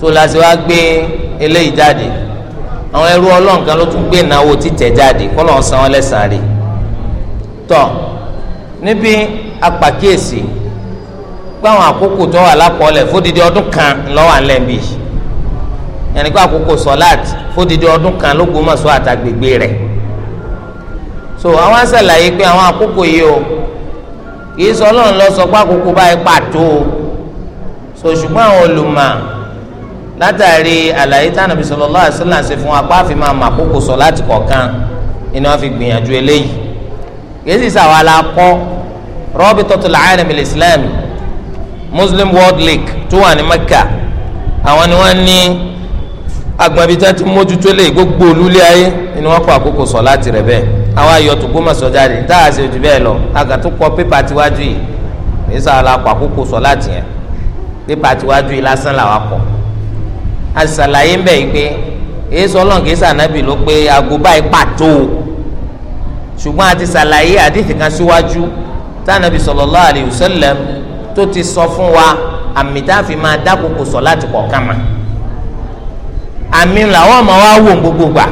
so làṣẹ wa gbé eléyìí jáde àwọn ẹrú ọlọ́run kan ló tún gbé ìnáwó títẹ̀ jáde kọ́lọ̀ ń san wọn lẹ́sàn-án rè tọ́ níbi apàkíyèsí gbáwọn àkókò tó wà lápọ̀ọ́lẹ̀ fódìdí ọdún kan lọ́wọ́ àlẹ́ bíi yẹnni kó àkókò sọláàt fódìdí ọdún kan lÓgbómọ̀ṣọ́ àtàgbègbè rẹ̀ so àwọn ṣàlàyé pé àwọn àkókò yìí o kìí sọ Ọlọ́run ló sọ pé àkókò báyìí pàtó o so ṣùgbọ́n àwọn olùmọ̀ látàrí àlàyé tánàbí sallallahu alaihi wasallam ṣe fún apá àfi máa mọ àkókò sọ láti kọ̀ọ̀kan iná fi gbìyànjú eléyìí kìí sàwọn alakọ Rabitatul Alam al-Islami Muslim World League tó wà ní Mẹ́kà àwọn ni wọ́n ní agbọ̀nbitá ti mójútó lé gbogbo olúlé ayé ni wọ́n kọ àkókò sọ láti rẹ̀ bẹ́ẹ̀ àwọn ayọ̀tò gómọ̀sọ jáde ní táà ṣe jù bẹ́ẹ̀ lọ àgàtú kọ pépà tiwájú yìí kìí sàwọn alakọ àkókò sọ láti yẹn pépà tiwájú yìí lásán làwọn kọ àṣàlàyé ń bẹ̀ yìí pé èyí sọ ọlọ́run kìí sànábì ló pé aago báyìí pàtó ṣùgbọ́n a ti ṣàlàyé àdìsí kan síwájú tánàbì sallallahu alayhi wa sallam tó ti sọ fún wa àmì tá a fi máa dákòókò sọ láti kọ̀ọ̀kan mà àmì làwọn ọmọ wa wò gbogbo gbà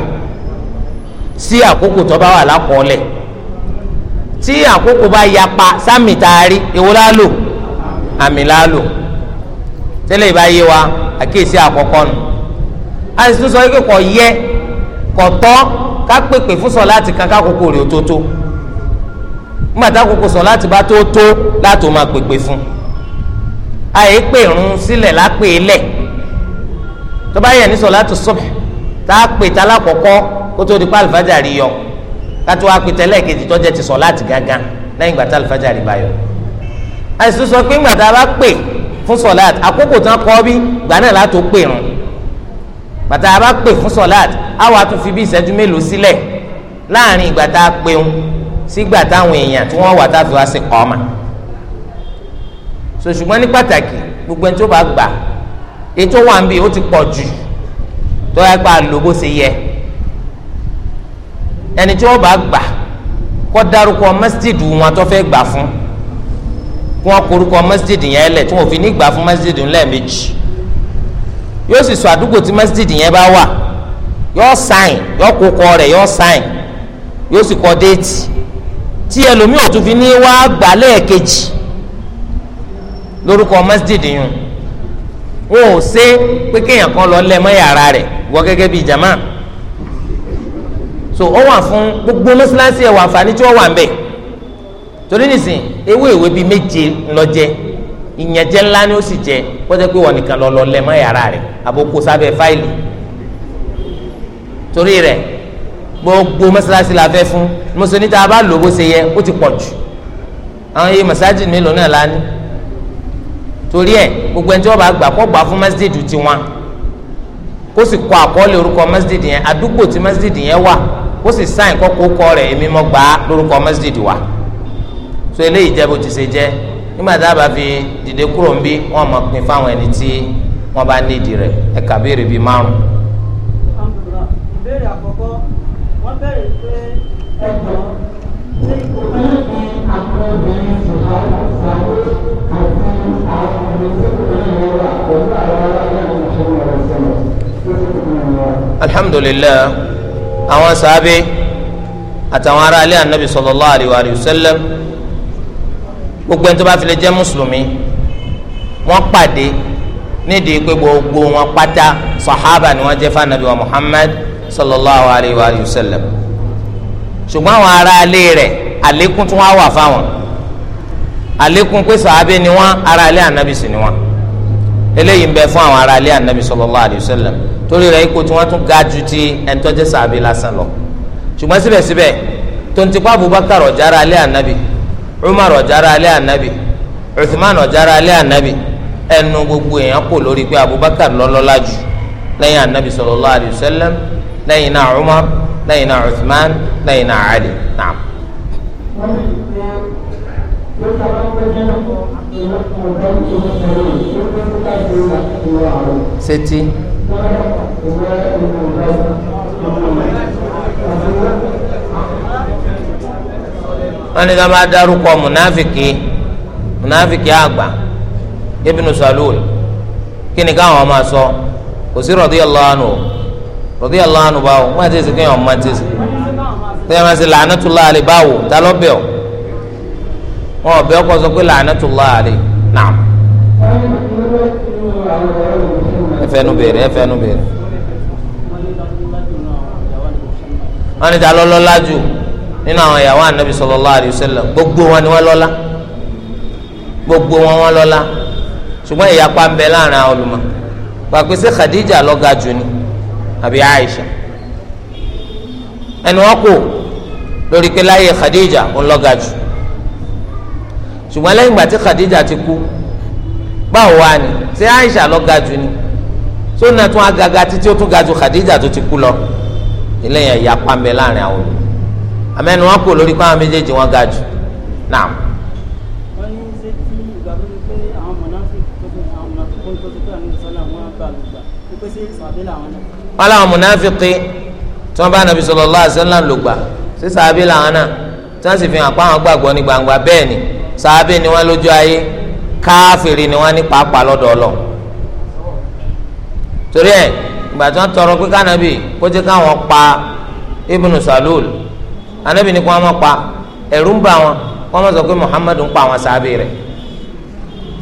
sí àkókò tó bá wà lákọọ́lẹ̀ tí àkókò bá yapa sámì tá a rí èwo la lò àmì la tẹ́lẹ̀ ìbá yé wa àkíyèsí àkọ́kọ́ nù a sì tún sọ pé kò yẹ kò tọ́ ká pèpè fún sọ láti kan kákòókò rè ótótó nígbàtà kòkò sọ láti bá tó tó láti máa pèpè fún àyè pè rún sílẹ̀ lápè lẹ̀ tó bá yẹ ní sọ láti sọ tá a pè tá lákọ̀ọ́kọ́ kó tó di pa àlùfájàrí yọ ká wá pè tẹ́lẹ̀ kejì tó ti sọ láti gángan lẹ́yìn ìgbà tá àlùfájàrí bá yọ àìsùn sọ pé ńgbàtà bá pè fún sọláàt àkókò tán kọ́ bí gbà náà látò pè rún bàtà a bá pè fún sọláàt àwa tún fi bí ìṣẹ́jú mélòó sílẹ̀ láàrin ìgbà tá a pè ń sígbà táwọn èèyàn tí wọ́n wà tá a fi wá sí kọ́ ọ́ mà so ṣùgbọ́n ní pàtàkì gbogbo ẹni tó bá gbà ètò wà ń bí ó ti pọ̀ jù tó yẹ pa lóbó ṣe yẹ ẹni tí wọ́n bá gbà kọ́ dárúkọ mẹ́sídìdì wọn tó fẹ́ gbà fún kí wọ́n korúkọ masjid yẹn lẹ̀ tí wọ́n fi ní gbà fún masjid lẹ́ẹ̀mejì yóò sì sọ àdúgbò tí masjid yẹn bá wà yóò sáìn yóò kókọ rẹ̀ yóò sáìn yóò sì kọ déètì tí ẹlòmíì ò tún fi ní wá gbà lẹ́ẹ̀kejì lórúkọ masjid yẹn wọn ò ṣe pé kéèyàn kan lọ lẹ́ẹ̀mọ́ yàrá rẹ̀ wọ́n gẹ́gẹ́ bíi jama so ó wà fún gbogbo mọ́sálásí ẹ̀ wà àǹfààní tí wọ́n wà ń bẹ̀ torí nìsín ewé ìwé bíi méje ńlọjẹ ìyẹnjẹ ńlá ni ó sì jẹ kọjá pé wọn nìkan lọ lọ lẹ mọ yàrá rẹ àbókò sábẹ́ fáìlì torí rẹ gbogbo mọ́sálásí la fẹ́ fún mùsùlùmí tá a bá lò bó ṣe yẹ ó ti pọ̀ jù àwọn iye mọ́sáájì mélòó náà la ní torí ẹ gbogbo ẹni tí wọ́n bá gbà kó gbà fún mọ́sídìdì tiwọn kó sì kọ àkọọ́lẹ̀ orúkọ mọ́sídìdì yẹn àdúgbò tí mọ́sídìdì yẹn wà kó sì sáìn kọ́kọ́ kọ́ rẹ̀ èmi mọ́ gbà lórúkọ mọ́sídìdì wa so eléyìí jẹ́ bó ti ṣe jẹ́ nígbà tá a bá fi dìde kúrò ń bí wọ́n mọ̀ pin fáwọn ẹni tí wọ́n bá nídìí rẹ̀ ẹ̀ka béèrè bíi márùn. ìbéèrè àkọ́kọ́ wọ́n bẹ̀rẹ̀ pé ẹ̀kọ́ tí kò bá ní àwọn obìnrin ṣùgbọ́n àti àwọn àwọn aláìní àtàwọn aráalé anabi sallallahu alaihi wa sallam gbogbo ẹni tó bá fi lè jẹ́ mùsùlùmí wọ́n pàdé nídìí pé gbogbo wọn pátá sàhábà ni wọ́n jẹ́ fanabi wa muhammad sallallahu alayhi wa sallam ṣùgbọ́n àwọn ará ilé rẹ̀ àlékún tí wọ́n wà fáwọn àlékún pé sàhábà ni wọ́n ará ilé ànábì sì ni wọ́n eléyìí ń bẹ fún àwọn ará ilé ànábì sallallahu alayhi wa sallam torí rẹ̀ ipò tí wọ́n tún ga ju ti ẹni tó jẹ́ sàhábà lásán lọ ṣùgbọ́n síbẹ̀síbẹ̀ tó ń tipa abubakar ọ̀jára ilé ànábì umar ọ̀jára alẹ́ ànábì uthman ọ̀jára alẹ́ ànábì ẹnu gbogbo èèyàn kò lórí pé abubakar lọ́lọ́lá jù lẹ́yìn ànábì sallallahu alayhi wa sallam lẹ́yìn náà umar lẹ́yìn náà uthman lẹ́yìn náà ali naam. seti. wọ́n ní sábà dárúkọ munafiki munafiki àgbà ibnu salul kí ni káwọn máa sọ kò sí radiyallahu anhu radiyallahu anhu báwo wọ́n àti èsì kéèyàn máa ti sè kéèyàn máa ti la'natullah alayhi báwo ta ló bẹ̀ ọ́ wọn ò bẹ́ ọ́ kọ́ sọ pé la'natullah alayhi na'am ẹfẹnu béèrè ẹfẹnu béèrè wọ́n ní ta ló lọ́lá jù nínú àwọn ìyàwó anabi sallallahu alayhi wa sallam gbogbo wọn ni wọn lọ́lá gbogbo wọn wọn lọ́lá ṣùgbọ́n ìyapa ń bẹ láàrin àwọn olùmọ̀ pàpẹ sí khadija ló ga jù ni àbí aisha ẹni wọn kò lórí pé láyé khadija ń ló ga jù ṣùgbọ́n lẹ́yìn ìgbà tí khadija ti kú báwo wá ni ṣé aisha ló jù ni sóńnà tún agaga títí ó tún ga jù khadija tó ti kú lọ ilé yẹn ìyapa ń bẹ láàrin àwọn olùmọ̀ amẹnu wọn kò lórí pàwọn méjèèjì wọn ga jù náà. wọ́n ní ṣé tí ìgbà tó ti pé àwọn mọ̀nàfíì tó fi àwọn mọ̀nàfíì tó ti pé àwọn ìṣọ́lá wọn gbà lùgbà tó pé sí ìṣàbí làwọn náà. wọ́n láwọn mọ̀nàfíì tí wọ́n bá nàbí sallallahu alaihi wasallam lùgbà sí ìṣàbí làwọn náà tí wọ́n sì fi hàn pé àwọn gbàgbọ́ ní gbangba bẹ́ẹ̀ ni sàábì ni wọ́n lójú ayé káfìrí ni wọ́n ní pàápàá lọ́dọ̀ ọlọ́ torí ẹ̀ ìgbà tí wọ́n tọrọ pé kánábì kó jẹ́ káwọn pa ibnu salul anabi ni kò wọn máa pa ẹ̀rù ń bà wọn wọn máa sọ pé muhammadu ń pa àwọn sábẹ rẹ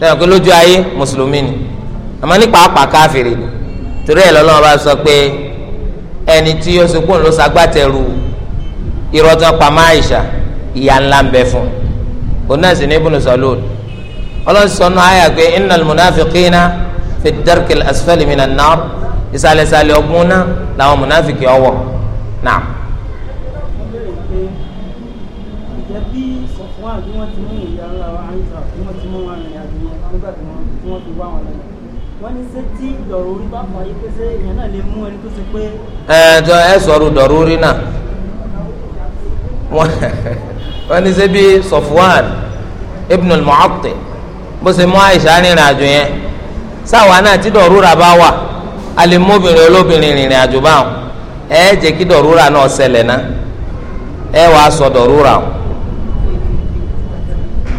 sẹ́yìn pé lójú ayé mùsùlùmí ni àmọ́ ní pàápàá káfíìrì ni torí ẹ̀ lọ́lọ́wọ́ bá sọ pé ẹni tí yóò sọ kóun ló sagbátẹrù irọ́ tán pa má àyíṣà ìyá ńlá ń bẹ fún un òun náà sì ní ibùdó sọlóòlù ọlọ́run sọ nù ayà pé innal munafiqina fi darkil asfali minan nar ìsàlẹ̀sàlẹ̀ ọ̀gbun náà làwọn munafiki ọwọ́ náà. wọ́n àbí wọ́n ti mú ìyá ńlá wa àìsàn àbí wọ́n ti mú wọn rìn àjò yẹn nígbà tí wọ́n tí wọ́n fi wá wọn lẹ́yìn wọ́n ní ṣé tí dọ̀rọ̀ orí bá fọ ayé èèyàn náà lè mú ẹni tó ṣe pé. ẹ jọ ẹ sọ̀rọ̀ dọ̀rọ̀ orí náà wọ́n ní ṣé bí Safwan ibn al-Mu'attal bó ṣe mú àìsàn rìnrìn àjò yẹn sáwa náà tí dọ̀rúra bá wà a lè mú obìnrin olóbìnrin rìnrìn àjò báwọn ẹ jẹ́ kí dọ̀rúra náà ṣẹlẹ̀ ná ẹ wàá sọ dọ̀rúra o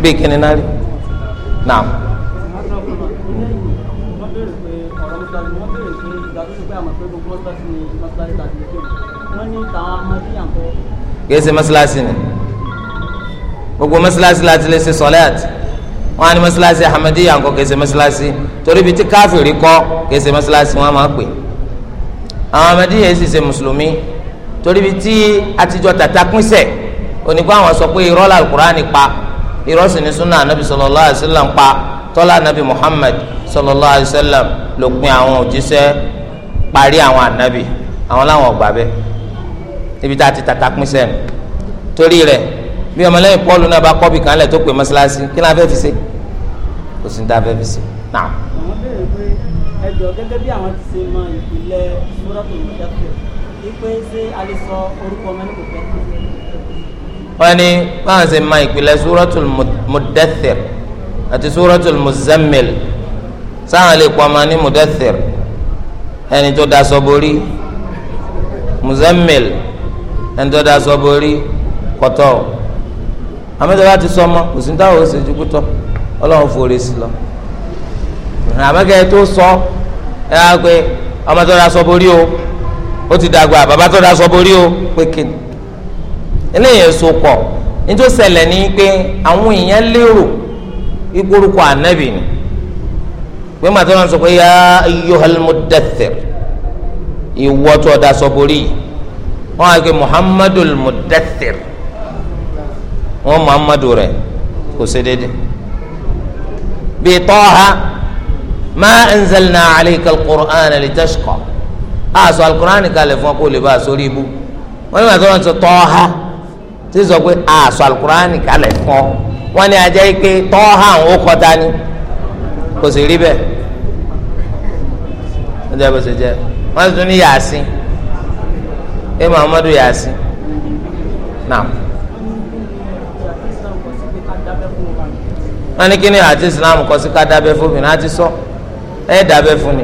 bí kíni náà rí naam. kìí ṣe mọ́sálásí ni gbogbo mọ́sálásí láti lè ṣe sọ́láàtì wọ́n á ní mọ́sálásí ahmadiyya ńkọ́ kìí ṣe mọ́sálásí torí bíi tí káfíìrì kọ́ kìí ṣe mọ́sálásí wọ́n á máa pè àwọn ahmadiyya sì ṣe mùsùlùmí torí bíi tí àtijọ́ tàtàkùnsẹ̀ onígbà wọn sọ pé irọ́ làlùkùránì pa ìrọ́sìn ní sunnah anabi sallallahu alayhi wa sallam pa tọ́lá anabi muhammad sallallahu alayhi wa sallam ló pin àwọn òjíṣẹ́ parí àwọn anabi àwọn làwọn ọgbà bẹ́ẹ̀ ibi tá a ti tata pín sẹ́nu torí rẹ̀ bí ọmọlẹ́yìn pọ́ọ̀lù náà bá kọ́bì kan lẹ̀ tó pè mọ́ṣáláṣí kí náà fẹ́ fi ṣe kò sí ní tá fẹ́ fi ṣe náà. àwọn béèrè pé ẹjọ gẹ́gẹ́ bí àwọn ti ṣe mọ ìpìlẹ̀ sóràtò ìjọba pé ṣé a lè sọ orúkọ ọmọ wọ́n ní báwọn ṣe máa ìpìlẹ̀ suratul mudathir àti suratul muzammil sáwọn lè pọ̀ ọmọ ní mudathir ẹni tó daṣọ borí muzammil ẹni tó daṣọ borí kọ̀tọ́ àmọ́tọ́ bá ti sọ ọmọ kò sí ní táwọn ò ṣe ju kútọ́ ọlọ́run fòrè sí lọ àmọ́kẹ́ tó sọ ẹ o ti dàgbà bàbá tó daṣọ o pé kíni eléyìí so pọ̀ nítorí ṣẹlẹ̀ ni pé àwọn èèyàn lérò ìgbórúkọ ànábì ni pé màtí wọn sọ pé ya ayyuhal muddathir ìwọ tó ọdà sọborí wọn àgbẹ muhammadul muddathir wọn muhammadu rẹ kò sí déédéé bíi tọ́ha ma anzalna alayka alqur'an litashqa àṣọ alqur'an kalẹ̀ fún ọ sórí ibú wọn ni màtí wọn sọ tọ́ha. tí sọ pé àṣọ alukurani kalẹ̀ fún ọ wọn ni ajá yìí pé ń kọ́ kò sì rí bẹ́ẹ̀ wọ́n jẹ́ bó ṣe jẹ́ wọ́n tún ní yàásín ẹ muhammadu náà. wọ́n ní kí ni àti islam kọ́ sí ká dábẹ́ fún mi sọ ẹ dábẹ́ fún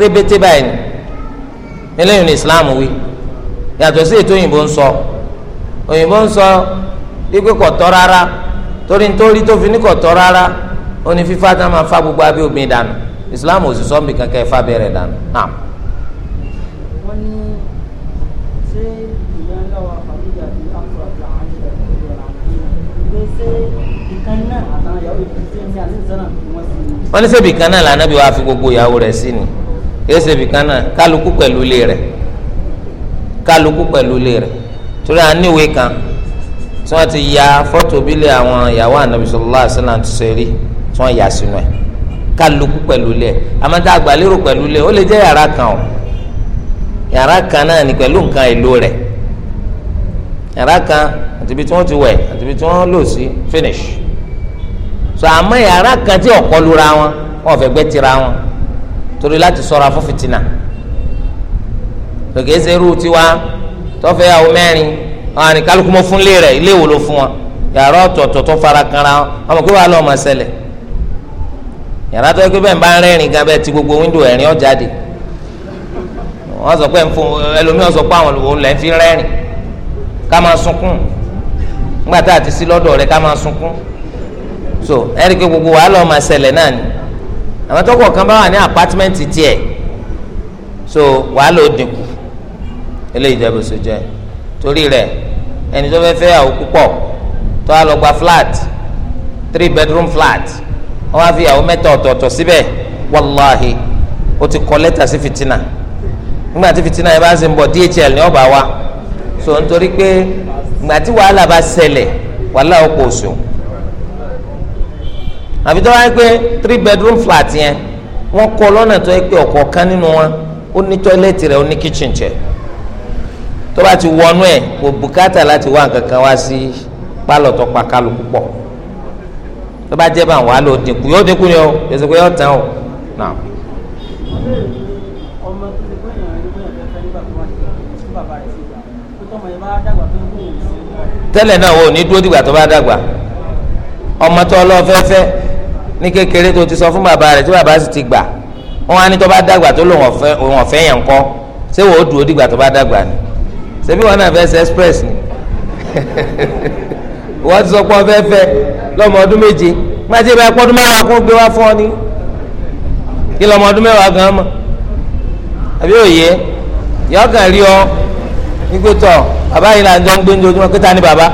mi ẹ eléyìí ní islam wí yàtọ̀ sí ètò òyìnbó ń sọ òyìnbó ń sọ wípé kò rárá torí nítorí tó fi ní kò rárá ó ní fífa tá a máa fa gbogbo abẹ́ obìnrin dànù islam ò sì sọ mí kankan ẹ̀fà bẹ̀rẹ̀ dànù náà. wọ́n ní ṣé ìyá ńlá wa fàmílì àti àpò àti àwọn àṣẹ ìjọba àti ṣé ìkan náà àtàwọn ìyàwó ìbí ṣé ní àlejò náà wọ́n sì. wọ́n ní sẹ́bì kan náà lànà bí wàá fi gbogbo ìyàwó rẹ̀ sí ni kìí ṣe ibìkan náà kálukú pẹ̀lú ilé rẹ̀ kálukú pẹ̀lú ilé rẹ̀ torí a níwèé kan tí wọ́n ti ya fọ́tò bílẹ̀ àwọn ìyàwó ànábì sallallahu alaihi wasallam ti ṣe rí tí wọ́n yà sínú ẹ̀ kálukú pẹ̀lú ilé amátá àgbàlérò pẹ̀lú ilé ó lè jẹ́ yàrá kan o yàrá kan náà ni pẹ̀lú nǹkan èlò rẹ̀ yàrá kan àti ibi tí wọ́n ti wẹ̀ àti ibi tí wọ́n lò sí finish so àmọ́ yàrá kan tí ọ̀kọ́ lura wọn wọ́n fẹ́ gbẹ́ tira wọn torí láti ṣọ́ra fún fìtínà lòkè ṣe irú tiwa tọ́fẹ́ ìyàwó mẹ́rin àwọn àníkálukú mọ́ fún ilé rẹ ilé wo ló fún wọn yàrá ọ̀tọ̀ọ̀tọ̀ tó fara kanra wọn ọmọ pé wàá lọ́ọ́ máa ṣẹlẹ̀ yàrá tó yẹ pé bẹ́ẹ̀ ń bá rẹ́rìn gan bẹ́ẹ̀ ti gbogbo wíńdò ẹ̀rín ọ̀jáde wọ́n sọ pé ẹlòmíràn sọ pé àwọn òun lẹ́ fi rẹ́rìn ká máa sunkún nígbà tá a ti sí lọ́dọ̀ ká máa sunkún so ẹ̀rí pé gbogbo wàá àwọn tó kọ̀ọ̀kan bá wà ní apátímẹ́ǹtì tiẹ̀ so wàá lò ó dínkù eléyìí jẹ́ bó ṣe jẹ́ torí rẹ̀ ẹni tó fẹ́ fẹ́ yàwó púpọ̀ tó wá lọ gba flat three bedroom flat wọ́n wá fi yàwó mẹ́ta ọ̀tọ̀ọ̀tọ̀ síbẹ̀ wàláhi ó ti kọ lẹ́tà sí fìtínà nígbà tí fìtínà yẹn bá ṣe ń bọ̀ DHL ni ọba wa so nítorí pé ìgbà tí wàhálà bá ṣẹlẹ̀ wàhálà ó pọ̀ òṣùwọ̀n àfi tó wáyé pé three bedroom flat yẹn wọ́n kọ́ lọ́nà tó yẹ pé ọ̀kọ̀ọ̀kan nínú wọn ó ní tọ́ílẹ̀tì rẹ̀ ó ní kitchen chair tó bá ti wọnú ẹ̀ kò bùkátà láti wá nǹkan kan wá sí pálọ̀ tó pa kálukú pọ̀ tó bá jẹ́ bá wà á lò dínkù yóò dínkù ni o yóò sọ pé yóò tán o náà. tẹ́lẹ̀ náà wo ní dúró dìgbà tó bá dàgbà ọmọ tó lọ́ọ́ fẹ́fẹ́ ní kékeré tó ti sọ fún bàbá rẹ̀ tí bàbá sì ti gbà wọn á ní tó bá dàgbà tó lòun ọ̀fẹ́ òun ọ̀fẹ́ yẹn kọ́ ṣé wò ó dùn dìgbà tó bá dàgbà ni ṣebí wọn náà fẹ́ ṣe express ni wọ́n ti sọ pé ọfẹ́ fẹ́ lọ́mọ ọdún méje má ti bá ẹ pọ́dún mẹ́wàá kó gbé wá fún ọ ni kí lọ́mọ ọdún mẹ́wàá gan mọ́ àbí òye yọ̀ọ̀kan rí ọ nígbè tọ̀ bàbá yìí là ń jọ ń gbé ní ojúmọ́ kí ta ni bàbá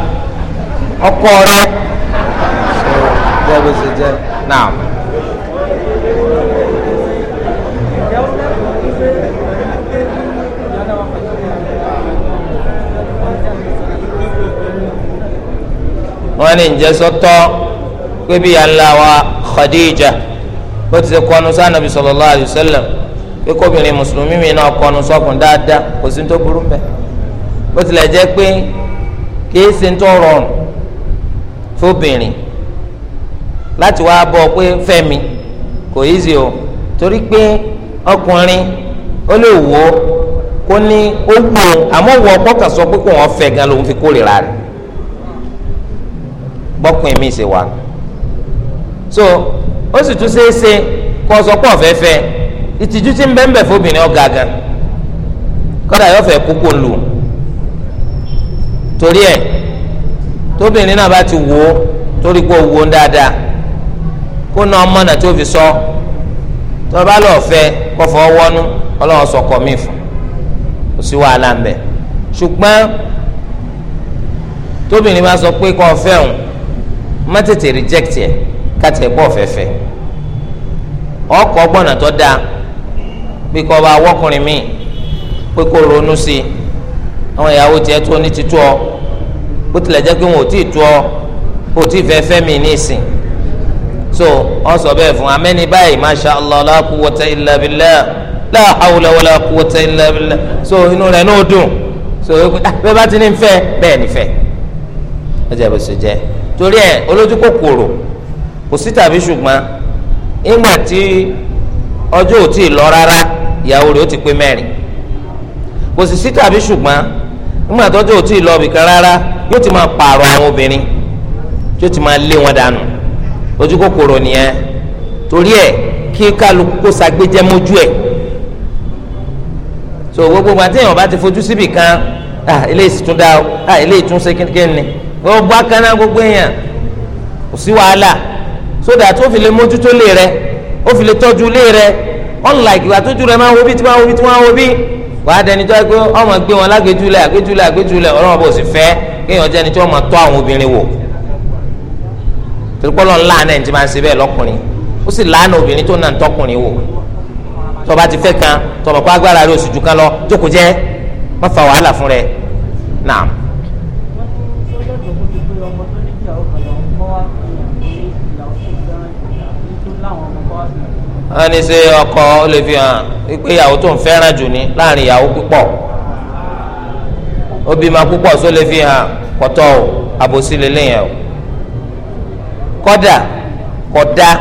ọkọ rẹ jẹ́ bó ṣe jẹ́. Naam. wọ́n ní ǹjẹ́ sọ́tọ́ pé bí yàrá wa Khadija bó ti ṣe kọnu sí Ànábì sallallahu alaihi wasallam pé kóbìnrin mùsùlùmí mi náà kọnu sọ́kùn dáadáa kò sí tó burú mbẹ́ bó tilẹ̀ jẹ́ pé kìí ṣe tó rọrùn fóbìnrin láti wá bọ pé fẹ́mi kò easy o torí pé ọkùnrin ó lè wò ó kó ní ó wù ó àmọ́ wọ ọkọ kan sọ pé kò wọ́n fẹ́ gan lòun fi kórìíra rẹ̀ bọ́kùnrin mi ṣe wà so ó sì tún ṣeé ṣe kó sọ pé ọ̀fẹ́ fẹ́ ìtìjú ti ń bẹ́ńbẹ́ fóbìnrin ọ̀gá gan kọ́dà yóò fẹ́ kókó lù torí ẹ̀ tóbìnrin náà bá ti wò ó torí pé ó wò ó dáadáa kó na ọmọ náà tó fi sọ tó bá lọ fẹ́ kọfọ wọnú Ọlọ́run sọkọ mi fún kò sí wàhálà ń bẹ ṣùgbọ́n tóbìnrin bá sọ pé kọ́ fẹ́ òun má tètè reject ẹ̀ káti ẹ̀ pọ̀ fẹ́fẹ́ ọkọ̀ gbọ́nà tó dáa bí kọ́ bá wọ́kùnrin míì pé kó ronú sí i àwọn ìyàwó tiẹ̀ tó ní títú ọ bó tilẹ̀ jẹ́ pé wọn ò tí ì tú ọ ò tí ì fẹ́ fẹ́ mi ní ìsìn so wọn sọ bẹ́ẹ̀ fún amẹni báyìí masha allah la quwwata illa billah la hawla wala quwwata illa billah so inú rẹ̀ n'o dùn so ah, bẹ́ẹ̀ bá ti ní fẹ́ bẹ́ẹ̀ ní fẹ́ ẹ jẹ bó ṣe jẹ torí ẹ olójú kòkòrò kò sí tàbí ṣùgbọ́n ìgbà tí ọjọ́ ò tí ì lọ rárá ìyàwó rẹ̀ ó ti pé mẹ́rin kò sì sí tàbí ṣùgbọ́n ìgbà tí ọjọ́ ò tí ì lọ bìkan rárá yóò ti máa pààrọ̀ àwọn obìnrin yóò ti máa lé wọn dànù ojú kòkòrò nìyẹn torí ẹ kí kálukú kó sagbéjẹ mójú ẹ so gbogbo ìgbà tí èèyàn bá ti fojú síbì kan ah eléyìí sì dá o ah eléyìí tún ṣe kínkín ni gbogbo akánná gbogbo èèyàn kò sí wàhálà sódà tó fi lè mójútó lé rẹ ó fi lè tọ́jú lé rẹ unlike ìgbà tójú rẹ máa ń wo bí tí máa ń wo bí tí máa ń wo bí wàá dẹni tó pé ọmọ gbé wọn lágbèjúlẹ àgbèjúlẹ àgbèjúlẹ ọlọ́wọ́n bó sì fẹ́ kéèyàn jẹ́ni tó máa tọ́ àwọn obìnrin wò torí pọ́lọ́ ńlá náà ti máa ń ṣe bẹ́ẹ̀ lọ́kùnrin ó sì lánàá obìnrin tó náà ń tọkùnrin wò tọba ti fẹ́ kan tọba kó agbára rẹ oṣù ju kan lọ jókòó jẹ́ má fa wàhálà fún rẹ náà. wọ́n ní ṣe ọkọ ó lè fi hàn pé ìyàwó tó ń fẹ́ràn jù ní láàrin ìyàwó púpọ̀ obìnrin púpọ̀ só fi hàn kọ́tọ́ o àbòsí lélẹ́yìn o kódà kódà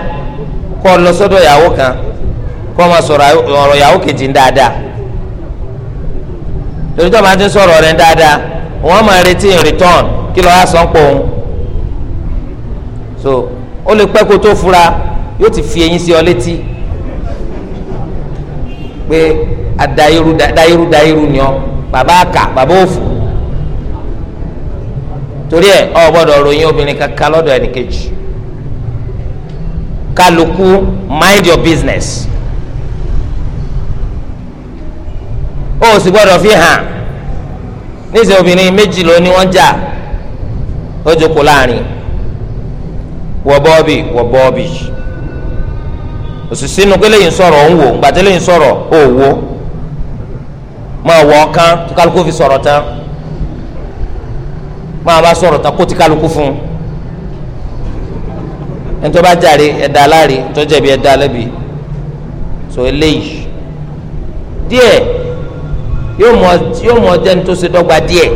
kó lọ sọ́dọ̀ ìyàwó kan kó máa sọ̀rọ̀ ọ̀rọ̀ ìyàwó kejì ń dáadáa torí tó máa ti sọ̀rọ̀ rẹ̀ dáadáa wọ́n máa retí return kí lọ́ọ́ á sàn pọ̀ so ó lè pẹ́ kó tó fura yóò ti fi eyín sí ọ létí pé adayiru dayiru dayiru ni ọ bàbá àkà bàbá òfò torí ẹ ọ gbọ́dọ̀ ròyìn obìnrin kankan lọ́dọ̀ ẹnìkejì. Kaluku, mind your business ó sì gbọ́dọ̀ fi hàn níṣẹ́ obìnrin méjì ló ní wọ́n jà ó jókòó láàrin wọ bọ́ọ̀bì wọ bọ́ọ̀bì òṣìṣẹ́ inú kẹlẹ́yìn sọ̀rọ̀ ń wò gbàtẹ́lẹ́yìn sọ̀rọ̀ ó wò máa wọ ọkàn kálukú fi sọ̀rọ̀ tán máa bá sọ̀rọ̀ tán kó ti kálukú fún un ẹni tó bá jàre ẹ̀dá aláre tó jẹ̀bi ẹ̀dá alẹ́bi so eléyìí díẹ̀ yóò mọ yóò mọ jẹ́ni tó ṣe dọ́gba díẹ̀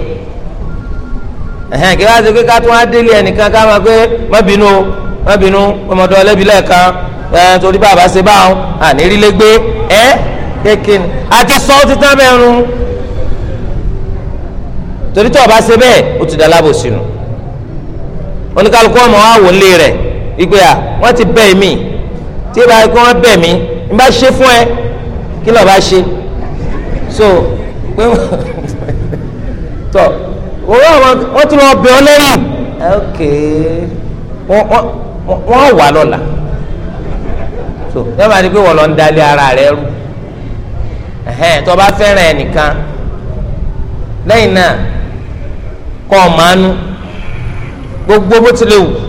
ẹ̀hẹ́n kí wọ́n á ṣe pé ká tún á délé ẹnìkan ká máa pé má bínú má bínú ọmọdé ọlẹ́bi lẹ́ẹ̀kan ẹ̀ torí bàbá ṣe báwọn ànírílégbé ẹ̀ kékin àti sọ ó ti tán mẹ́rún torí tó o bá ṣe bẹ́ẹ̀ ó ti dá lábòsí nù oníkálukú ọmọ wa wò lé rẹ̀ ìgbé à wọ́n ti bẹ̀ mí tí ìbá kí wọ́n bẹ̀ mí ń bá ṣe fún ẹ kí lọ́ọ́ bá ṣe so pé tọ owó àwọn wọ́n ti lọ bẹ̀ ọ́ lẹ́yìn ok wọ́n wà lọ́la so yẹ́n bá ní pé wọ́n lọ ń dalẹ̀ ara rẹ rú tó bá fẹ́ràn ẹnìkan lẹ́yìn náà kọ́ ọ̀ máa gbogbo bó tilẹ̀ wù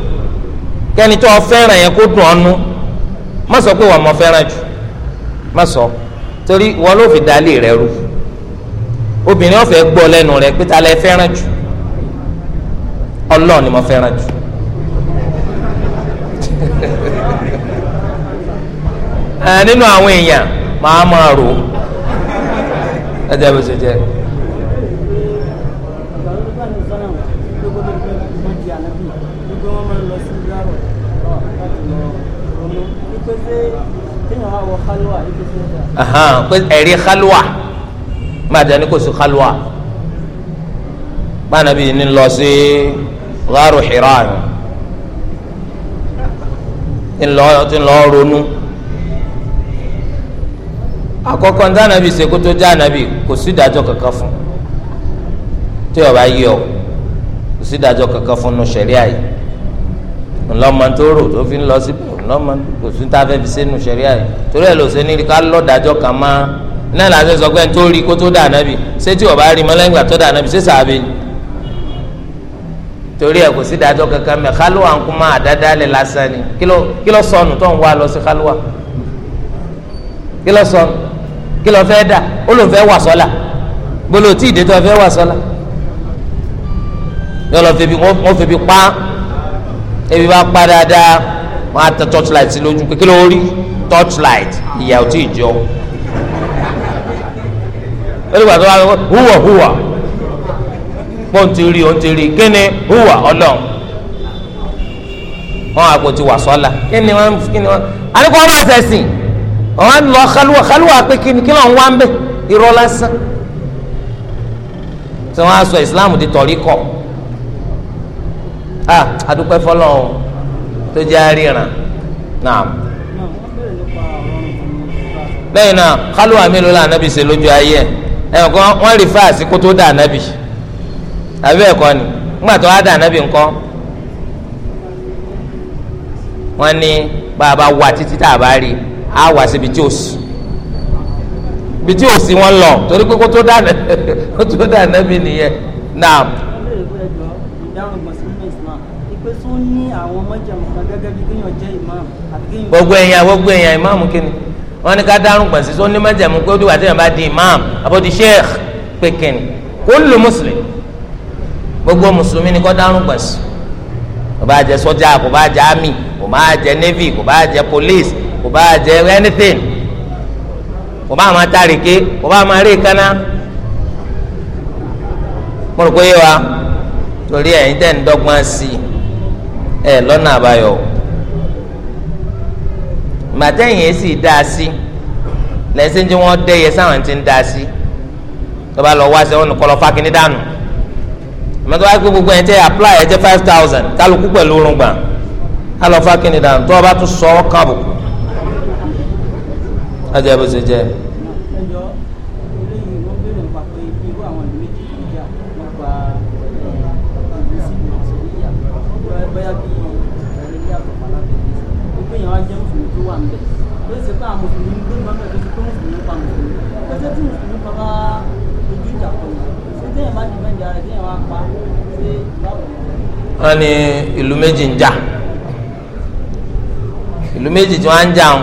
kẹ́ni tó o fẹ́ràn yẹn kó dùn ọ́ nu má sọ pé wà mọ́ fẹ́ràn jù má sọ torí wọn ló fi dalé rẹ rú obìnrin ọ̀fẹ́ gbọ́ lẹ́nu rẹ pé ta lẹ fẹ́ràn jù ọlọ́ọ̀ ni mo fẹ́ràn jù nínú àwọn èèyàn màá máa rò ó ẹ jẹ́ bó ṣe jẹ́. pé ẹ̀rí khalwa máa tẹ̀ ní kò sí khalwa báyìí nàbí ní lọ sí gharu hiran ti ń lọ ronú àkọ́kọ́ ní sànàbí sekoto já nàbí kò sí ìdájọ́ kankan fún tí ó bá yé ọ kò sí ìdájọ́ kankan fún nù sẹríà ńlọmọ tó rò tó fi ń lọ síbẹ̀ ńlọmọ kò sí tá a fẹ́ fi sínú sẹ́ríà yìí torí ẹ̀ ló ṣe ní ká lọ́dàjọ́ kan máa náà làá fẹ́ sọ pé tó rí kó tó dà nábì ṣé tí ọba rí mọ́lẹ́ngbà tó dà nábì ṣé sàbẹ̀ torí ẹ̀ kò sí dájọ́ kankan mẹ́ kálúwà ń kún máa àdáda lẹ̀ lásán ni kí ló sọnù tó ń wá lọ sí kálúwà kí ló sọnù kí ló fẹ́ dà ó ló fẹ́ wà sọ́la gbọ́dọ̀ tí ìdẹ́tọ̀ febi wọ́n febi pa ebi bá pa dáadáa wọn á tẹ torchlight sí lójú kékeré orí torchlight ìyà ò tí ì jọ olùgbà tó wà hùwà hùwà pọ̀ ń ti rí o ń ti rí kíni hùwà ọlọ́run wọn àgbo ti wà sọ́la kíni wọn kíni wọn àníkò wọn bá sẹ̀sìn wọn lọ xaluwa xaluwa pé kíni kíni wọn wá ń bẹ irọ́ tí wọn á sọ ìsìláàmù di tọ̀rí kọ̀ a adúpẹ́ fọlọ́n tó jẹ́ àríran náà. lẹ́yìn náà kálùwà mélòó la ànábì ṣe lójú ayé ẹ̀ ẹ̀kọ́ wọ́n rí fáàsì kó tó dà ànábì àbí ẹ̀kọ́ ni ńgbà tó wá dà ànábì ńkọ́ wọ́n ní bàbá wà títí tá a bá rí a wà síbi tí ó sùn ibi tí òsì wọn lọ torí pé kó tó dà nẹbi nìyẹn náà ní àwọn mọ́jàmù kan gẹ́gẹ́ bí kéèyàn jẹ́ ìmáàmù àti kéèyàn. gbogbo èèyàn gbogbo èèyàn ìmáàmù kíni wọn ní ká dárùn gbọ̀nsẹ̀ sọ ní mọ́jàmù pé ó dìgbà tí di ìmáàmù àbọ̀dì sheikh pé kíni kullu mùsùlùmí gbogbo mùsùlùmí ni kó dárùn gbọ̀nsẹ̀ kò bá jẹ ṣọ́jà kò bá jẹ army kò bá jẹ navy kò bá jẹ police kò bá jẹ anything kò bá máa tàríkè kò bá máa rí kaná mo rò pé yé wa torí ẹ̀yin tẹ̀ ń dọ́gbọ́n sí i ẹ lọ́nà àbáyọ màtẹ́yìn yẹn sì dá a sí lẹ́sìn tí wọ́n dẹ́yẹ sáwọn ti ń dá a lọ wá sẹ́wọ́n kọ́ lọ fákínní dànù mọ́tò wá pé gbogbo ẹ̀ tẹ́ apply ẹ̀ jẹ́ five thousand kálukú pẹ̀lú fákínní dànù wà níbẹ̀ lórí ṣe pé àwọn mùsùlùmí ń gbé mọ́tò tó ṣe pé mùsùlùmí pa mùsùlùmí pẹ́sẹ́ tí mùsùlùmí pa bá ojú ìjà pọ̀ ṣé téèyàn bá dìbẹ́ ìjà rẹ̀ téèyàn wá pa ṣé báwo. wọ́n ní ìlú méjì ń jà ìlú méjì tí wọ́n á ń jà wọn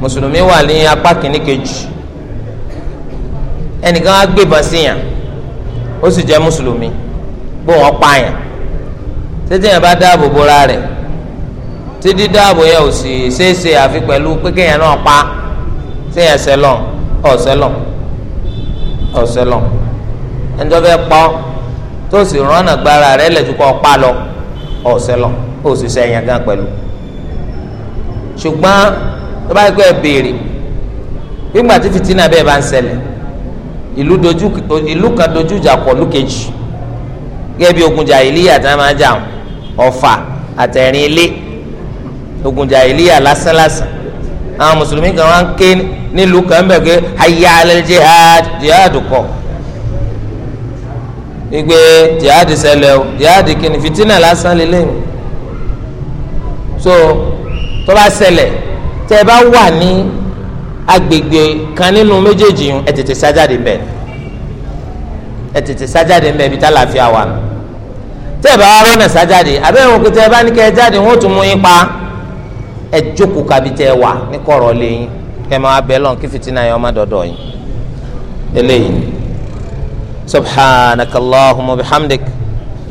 mùsùlùmí wà ní apá kìíní kejì ẹnìkan á gbébọn síyàn ó sì jẹ́ mùsùlùmí gbóhùn ọ̀pá yàn ṣé téèyàn bá dáàbò bora rẹ̀ tí dídáàbò yẹn ò sì ṣeéṣe àfi pẹ̀lú pé kéèyàn náà pa séèyàn sẹlọ ọ̀sẹlọ ọ̀sẹlọ ẹni tó fẹ́ pọ́ tó sì rọ́nà gbára rẹ̀ lẹ́tù pa lọ ọ̀sẹlọ ó sì sẹ́yìn gan pẹ̀lú ṣùgbọ́n tó bá yẹ kó ẹ béèrè nígbà tí fìtínà bẹ́ẹ̀ bá ń ṣẹlẹ̀ ìlú dojú ìlú kan dojú ìjà kọ lùkejì gẹ́gẹ́ bí ogun jà ìlíyà tí wọ́n máa jà ọ̀fà àtẹ̀rìn ilé ogun jahiliya lásán lásán àwọn mùsùlùmí kan wọn ké nílùú kan bẹ̀ pé hayya alal jihad jihad kọ igbe jihad ṣẹlẹ̀ o jihad kìnnì fitina lásán lélẹ̀ so tó bá ṣẹlẹ̀ tẹ́ ẹ bá wà ní agbègbè kan nínú méjèèjì yìí ẹ tètè sájáde mbẹ ẹ tètè sájáde mbẹ ibi tá láàfin àwa tẹ́ ẹ bá wà rọnà sájáde àbẹ́wò kìtẹ́ ẹ bá ní kẹ́ ẹ jáde wọ́n tún mú yín pa ẹ jókòó kabi tẹ wà ní kọ̀rọ̀ lẹ́yìn kẹ́ máa bẹ lọ́n kí fìtínà yẹn ọmọ dọ̀dọ̀ yìí eléyìí subhanaka allahumma bihamdik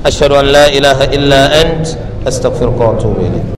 ashhadu an la ilaha illa ant astaghfiruka wa atubu ilayk.